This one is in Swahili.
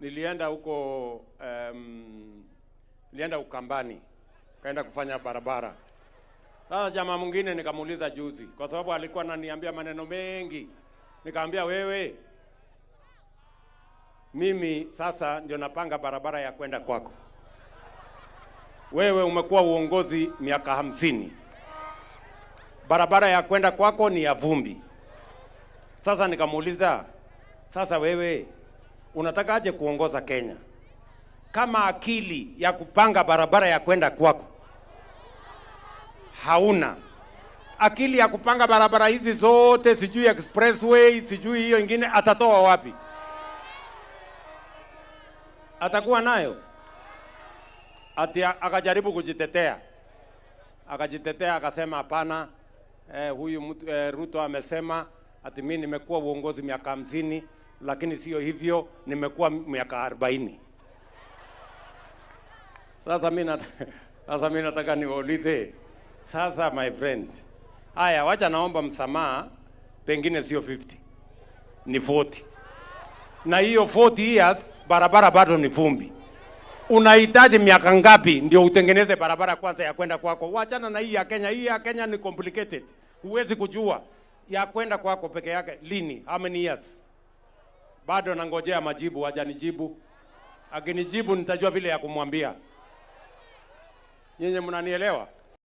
nilienda huko um, nilienda Ukambani, kaenda kufanya barabara. Sasa jamaa mwingine nikamuuliza juzi, kwa sababu alikuwa ananiambia maneno mengi, nikamwambia wewe, mimi sasa ndio napanga barabara ya kwenda kwako. Wewe umekuwa uongozi miaka hamsini, barabara ya kwenda kwako ni ya vumbi. Sasa nikamuuliza, sasa wewe unataka aje kuongoza Kenya kama akili ya kupanga barabara ya kwenda kwako hauna? Akili ya kupanga barabara hizi zote, sijui expressway, sijui hiyo ingine, atatoa wapi? Atakuwa nayo ati? Akajaribu kujitetea, akajitetea akasema hapana, eh, huyu eh, Ruto amesema ati mimi nimekuwa uongozi miaka hamsini lakini sio hivyo, nimekuwa miaka 40. sasa. Mimi sasa mimi nataka niwaulize sasa, my friend, haya, wacha naomba msamaha, pengine sio 50 ni 40, na hiyo 40 years barabara bado ni vumbi. Unahitaji miaka ngapi ndio utengeneze barabara kwanza ya kwenda kwako? Wachana na hii ya Kenya. Hii ya Kenya ni complicated, huwezi kujua ya kwenda kwako peke yake lini, how many years bado nangojea majibu, hajanijibu. Akinijibu nitajua vile ya kumwambia. Nyinyi mnanielewa?